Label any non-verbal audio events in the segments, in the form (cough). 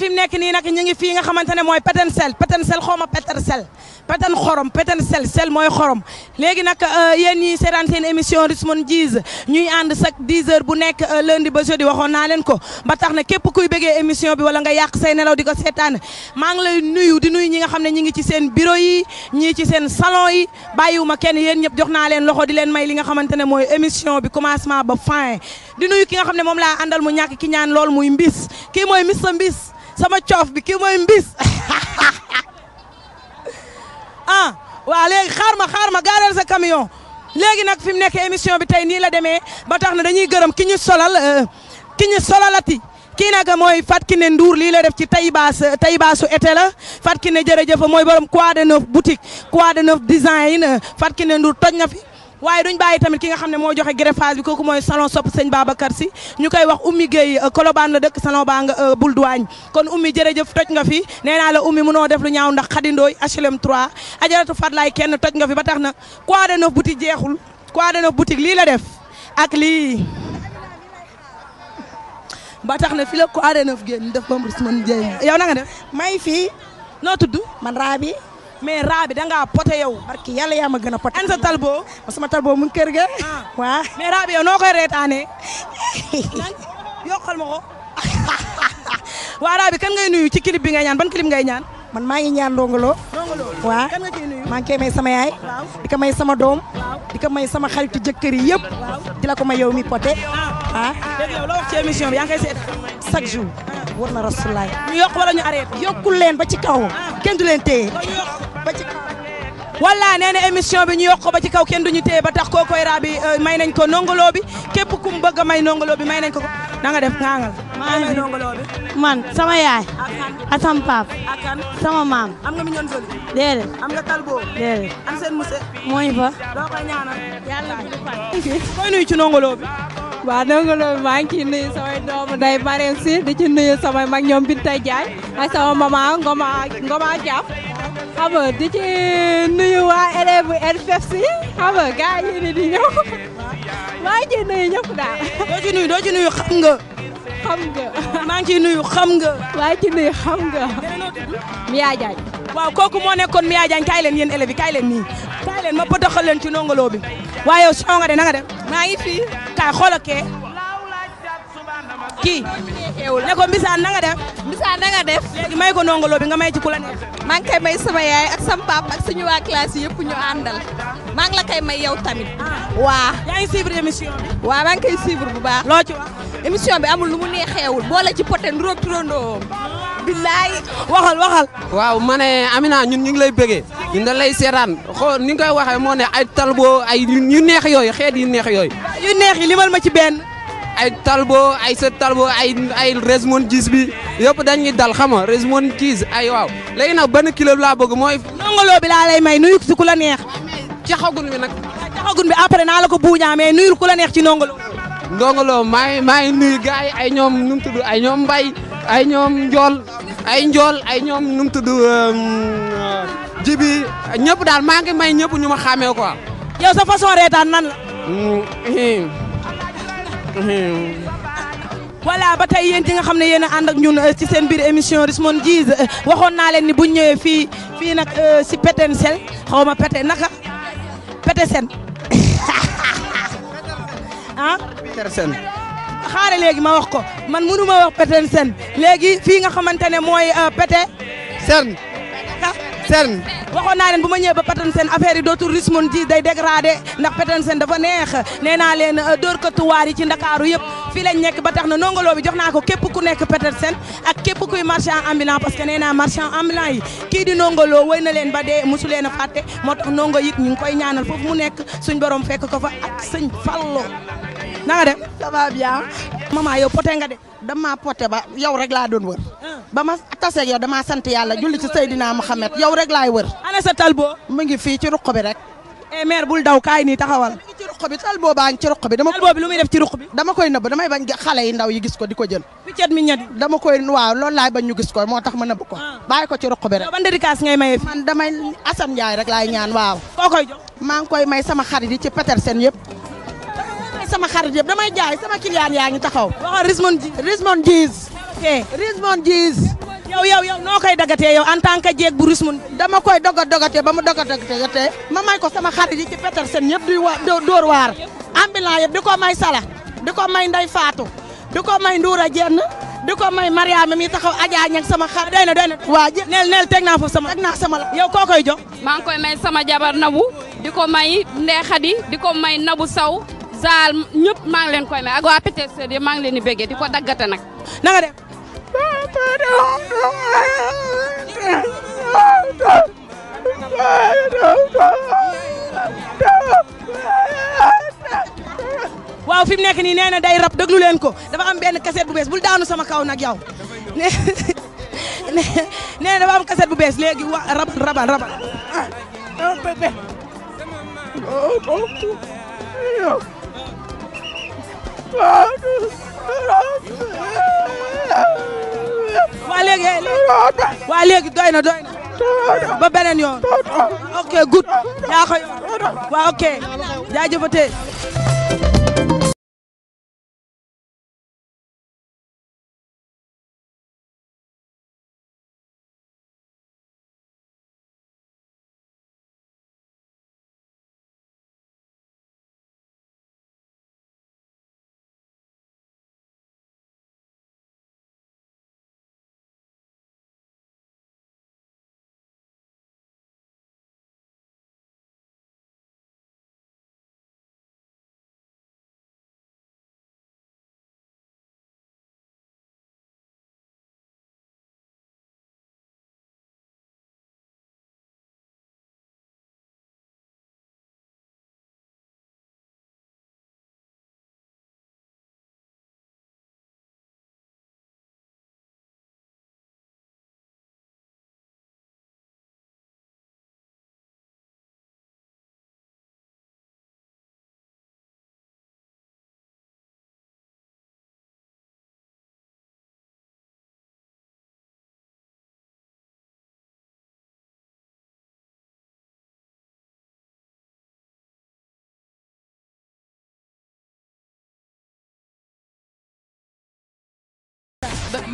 fi mu nekk nii nag ñu ngi fii nga xamante ne mooy peten sel peten sel xaw ma peten sel peten xorom peten sel sel mooy xorom léegi nag euh, yéen ñiy seetaan seen émission Rich-mon Djizz ñuy ànd chaque 10 heures bu nekk euh, lundi ba jeudi waxoon naa leen ko ba tax na képp kuy bëggee émission bi wala nga yàq say nelaw di ko seetaan maa ngi lay nuyu di nuyu ñi nga xam ne ñi ngi ci seen bureau yi ñii ci seen salon yi bàyyiwuma kenn yéen ñëpp jox naa leen loxo di leen may li nga xamante ne mooy émission ba fin di ki nga xam ne moom laa àndal mu ñàkk ki ñaan lool muy mbis kii mooy Mister Mbis sama coof bi ki mooy mbis (laughs) ah waa léegi xaar ma xaar ma gaaral sa camion léegi nag fi mu nekk émission bi tey nii la demee ba tax na dañuy gërëm ki ñu solal euh, ki ñu solalati kii nag mooy Fatkine Ndour lii la def ci taybaas taybaasu été la Fatkine jërëjëf mooy borom Quoi de Neuf boutique Quoi de Neuf design euh, Fatkine Ndour toj na fi. waaye duñ bàyyi tamit ki nga xam ne moo joxe greffage bi kooku mooy salon sopp sëñ Babacar si ñu koy wax ummi Gueye euh, Colobane la dëkk salon baa nga euh, bul duwaañ kon ummi jërëjëf toj nga fi nee naa la ummi mënoo def lu ñaaw ndax xadindooy HLM 3 ajaratu fatlaay kenn toj nga fi ba tax na quoi de neuf boutique jeexul quoi de neuf boutique lii la def ak li ba tax na fi la quoi de neuf génn def ba mu rus man yow na nga def may fii noo tudd man Rabi mais raa bi da ngaa poté yow. barki yàlla yaa ma gën a poté. an sa talboo sama talboo mu ngi kër ga. Ah. waaw mais raa bi yow noo koy reetaanee. (laughs) yokkal ma ko. (laughs) waa raa kan ngay nuyu ci clip bi ngay ñaan ban clip ngay ñaan. man maa ngi ñaan ndongolo. ndongolo waaw kan nga may sama yaay. di may sama doom. di ko may sama xaritu jëkkër yi yëpp. di ko may yow mi poté. Ah. ah dégg yow la wax ci bi yaa ngi koy seet. jour. Ah. war rasulaay. ñu yokk wala ñu arrêté. yokkul leen ba ci kaw. kenn du ba ci kaw walla nee na émission bi ñu yokk ko ba ci kaw kenn duñu téye ba tax kookoy raa bi euh, may nañ ko nongoloo bi képp ku a may nongoloo bi may nañ ko ko def ngaangal maa ngi nongoloo bi man sama yaay ak paap sama maam am nga miñoon soli déedéet am nga talboo déedéet fa doo koy ñaanal yàlla (laughs) koy nuyu ci nongoloo bi waaw nongoloo bi maa ngi ciy nuyu samay doomu day Mariam si di ci nuyu samay mag ñoom Binta Diagne ak sama mama Ngoma Ngoma xam nga nuyu waa élèves RFEFS yi xam nga gars yi ni di ñëw maa ngi nuyu ñëpp daal. doo ci nuyu doo ci nuyu xam nga. xam nga. maa ngi ciy nuyu xam nga. maa ngi ciy nuyu xam nga. Mia waaw kooku moo nekkoon Mia Diagne kaay leen yéen élèves yi kaay leen nii. kaay leen ma pëtaxal leen ci nongolo bi. waaye yow de na nga def. maa ngi fi kaay xoolal kee. kii ne ko mbisaan na nga def mbisaan na nga def léegi may ko nongoloo bi nga may ci ku la neex maa ngi koy may sama yaay ak sama papa ak suñu waa classe yi yëpp ñu àndal maa ngi la kay may yow tamit ah. waa maa ngi suivre émission bi waaw maa bu baax loo ci wax émission bi amul lu mu neexeewul boole ci poten roog turandoo billaay waxal waxal waaw ma ne Amina ñun ñu ngi lay bëggee ñun dañ lay seetaan xool ni nga koy waxee moo ne ay talbo ay yu neex yooyu xeet yu neex yooyu yu neex yi ci benn ay Talbo ay sa Talbo ay ay Resmond Gis bi yëpp dañuy dal xam nga Resmond Gis ay waaw léegi nag benn kilo laa bëgg mooy. ndongolo bi laa lay may nuyu si ku la neex. caxagun bi nag. caxagun bi après naa la ko buuñaa mais nuyul ku la neex ci ndongolo. ndongolo maa maa ngi nuyu gars yi ay ñoom nu mu ay ñoom Mbaye ay ñoom Njool ay Njool ay ñoom nu mu euh, euh, Jibi ñëpp daal maa ngi may ñëpp ñu ma xàmmee quoi. yow sa façon reetaan nan la. Mm, Hmm. voilà ba tey yéen nga xam ne yéen a ànd ak ñun euh, ci seen biir émission Rismon Djizz euh, waxoon naa leen ni bu ñëwee fii fii nag euh, si Péténsel xaw ma pété naka pété sen (laughs) ah. pété sen. xaare léegi ma wax ko man mënu ma wax pété sen léegi fii nga xamante ne mooy pété. sen. Petersen waxoon naa leen bu ma ñëwee ba Petersen affaire yi dootul rismon ji day dégradé ndax Petersen dafa neex nee naa leen euh, dóorkatu waar yi ci ndakaaru yëpp fii lañ nekk ba tax na nongoloo bi jox naa ko képp ku nekk Petersen ak képp kuy marchand ambulant parce que nee naa marchand ambulant yi kii di nongoloo wëy na leen ba dee mosu leen a fàtte moo tax nongo yit ñu koy ñaanal foofu mu nekk suñ boroom fekk ko fa ak sëñ Fallo na nga def ça va yow poté nga de dama poté ba yow rek laa doon wër. Ah. ba ma taseeg yow damaa sant yàlla julli ci Seydina Mohamed yow rek laay wër. ana sa talbo. mu ngi fii ci ruq bi rek. eh mère bul daw kaay nii taxawal. mu ngi ci bi talbo baa ngi ci ruq bi. dama talbo bi lu muy def ci ruq bi. dama koy nëb dama bañ xale yi ndaw yi gis ko di ko jël. piccet mi ñett dama koy waaw loolu laay bañ ñu gis ko moo tax ma nëbb ko. Ah. bàyyi ko ci ruq bi rek. yow ban dédicace ngay maye fi. man damay rek laay ñaan waaw. koo koy jox maa ngi koy may sama xarit yi ci Petersen yëpp sama xarit yëpp damay jaay sama client yaa ngi taxaw. waxoon Rismon Diis Rismon Diis. Rismon Diis. yow yow noo koy dagatee yow en tant que jeeg bu Rismon. dama koy dogat dogatee ba mu dogat dogatee ma may ko sama xarit yi ci Petersen yëpp di wa dóor waar. ambulant yëpp di ko may Sala di ko may nday Faatu di ko may a Jenn di ko may Mariama mi taxaw Adja sama xar doy na doy na waa ji neel neel teg naa foofu sama teg sama la yow koo koy jo maa ngi koy may sama jabar nabu di ko may ndeexadi di ko may nabu saw Zal ñëpp maa ngi leen koy may ak waa PTS de maa ngi leen i béggee di ko daggate nag. na nga def. waaw fi nekk nii nee na day rab déglu leen ko dafa am benn cassette bu bees bul daanu sama kaw nag yow nee dafa am cassette bu bees léegi wa rab rabal rabal. waa léegi waa léegi doy na doy ba beneen yoon ok good yaa ko yoon waa ok jaajëfatee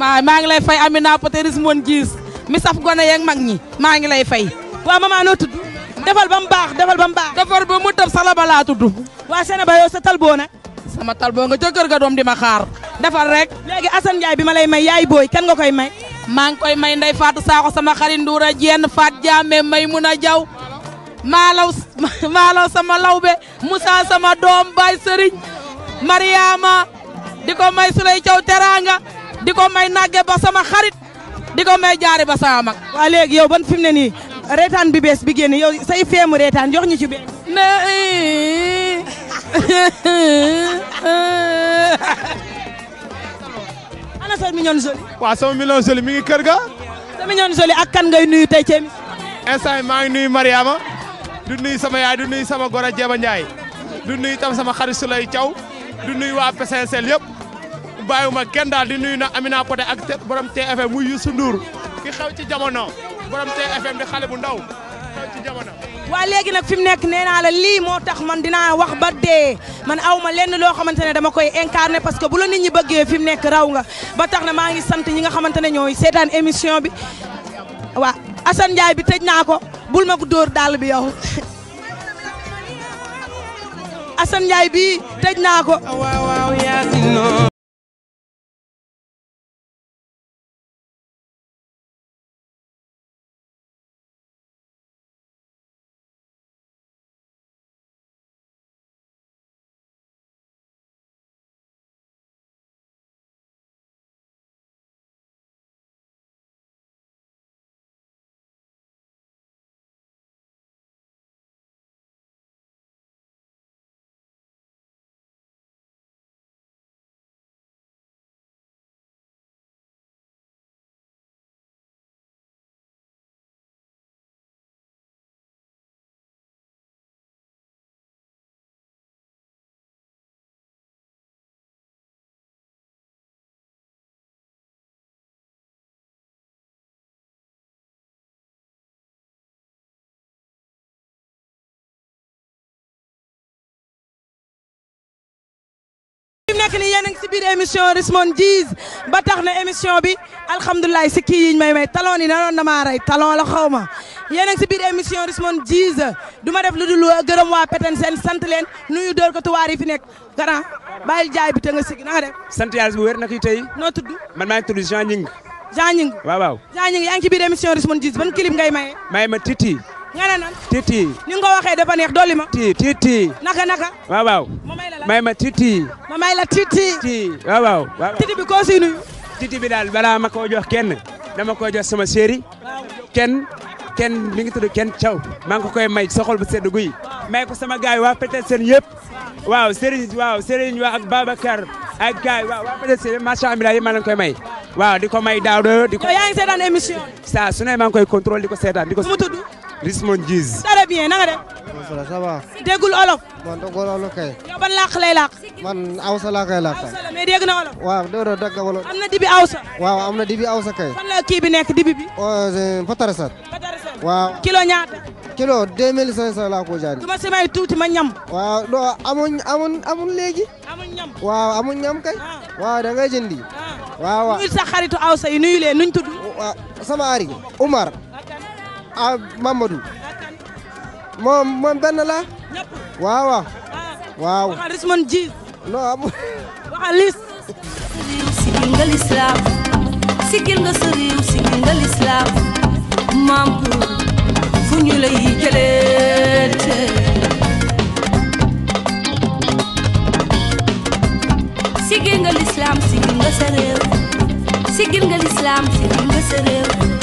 maa maa ngi lay fay Amina Potéris Mon Diis mi saf gone yeeg mag ñi maa ngi lay fay. waa maman noo tudd. defal ba mu baax defal ba mu baax. defar ba mu tëb sala ba laa tudd. waa Sénégal yow sa talboo nag. sama talboo nga ca kër ga doom di ma xaar. defal rek. léegi Assane Ndiaye bi ma lay may yaay booy kan nga koy may. maa ngi koy may Ndey Fatou Sakho sama xarit Ndoura faat Fatou Diame Maymuna Diaw maalaw (laughs) maalaw sama lawbe Moussa sama doom Baye Serigne Mariama di ko may Souley Thiaw Teranga di ko may nagge ba sama xarit di ko may jaare ba sama mag. waa léegi yow ban fi mu nii reetaan bi bees bi génn yow say feemu reetaan jox ñu ci benn. nee. ana sa Mignone Jolie. waaw sama Mignone Jolie mi ngi kër ga. sa Mignone Jolie ak kan ngay nuyu tey ci émission. instant ngi nuyu Mariama du nuyu sama yaay du nuyu sama goro Jeeba Ndiaye du nuyu tam sama xarit Souley Thiaw du nuyu waa PCSL yëpp. bàyyiwuma kenn daal di nuyu na Amina Poté ak borom TFM muy Youssou Ndour ki xew ci jamono borom TFM di xale bu ndaw waa léegi nag fi mu nekk nee naa la lii moo tax man dinaa wax ba dee man aw ma lenn loo xamante ne dama koy incarné parce que bu la nit ñi bëggee fi mu nekk raw nga ba tax na maa ngi sant ñi nga xamante ne ñooy seetaan émission bi waa Assane bi tëj naa ko bul ma ko dóor dàll bi yow (laughs) Assane bi tëj naa ko. nekk ni yéen a ngi si biir émission Rismon Djizz ba tax na émission bi alhamdulilah si kii yiñ may may talon yi nanoon damaa rey talon la xaw ma yéen a ngi si biir émission Rismon Djizz du ma def lu dul gërëm waa Pétén sen sant leen nuyu door ko tuwaar yi fi nekk grand bàyyil jaay bi te nga sigi naa def sant yàlla bu wér nag yi tey noo tudd man maa ngi tudd Jean Ning Jean Ning waaw waaw Jean Ning yaa ngi ci ban clip ngay maye maye ma Titi nga ne nan Titi ni nga ko waxee dafa neex dolli ma Titi Titi naka naka waaw may ma titi. ma may la titi. titi bi koo siy nuyu. titi bi daal balaa ma koo jox kenn dama koo jox sama chéri. kenn kenn mi ngi tudd kenn caw. maa ngi ko koy may soxol bu sedd guy. may ko sama gaay waa Petersen seen yëpp. waaw Serigne waaw Serigne waa ak Babacar. ak gaay waaw waa Petersen macha allah yëpp maa leen koy may. waaw di ko may daaw de. di ko yaa ngi seetaan émission. saa su ne maa ngi koy contrôle di ko seetaan di ko. nu mu tudd. Rismon Diz. très bien na nga def. Wolof la ça va. déggul Wolof. man déggul Wolof kay. yow ban làkk lay man Awsa laa koy làkk. la mais dégg waaw déedéet dégg Wolof. am na dibi Awsa. waaw am na dibi Awsa kay. fan kii bi nekk dibi bi. Patarasat. Oh, Patarasat waaw. kilo ñaata. kilo 2500 laa ko jaay. du ma semay tuuti ma ñam. waaw non amuñ amuñ amuñ léegi. amuñ ñam waaw amuñ ñam kay. Ah. waaw da ngay ah. waaw waaw nuyu sa xaritu Awsa yi nuyu leen nuñ tudd. waaw Umar. ah Mamadou. moom moom benn la. ñëpp waaw waaw. Ah. waaw waxal lis man ji. non amul. waxal lis. sigil nga lislaam sigil nga sa réew sigil nga lislaam maam fu ñu lay jëleete sigil nga lislaam sigil nga sa réew sigil nga lislaam sigil nga sa réew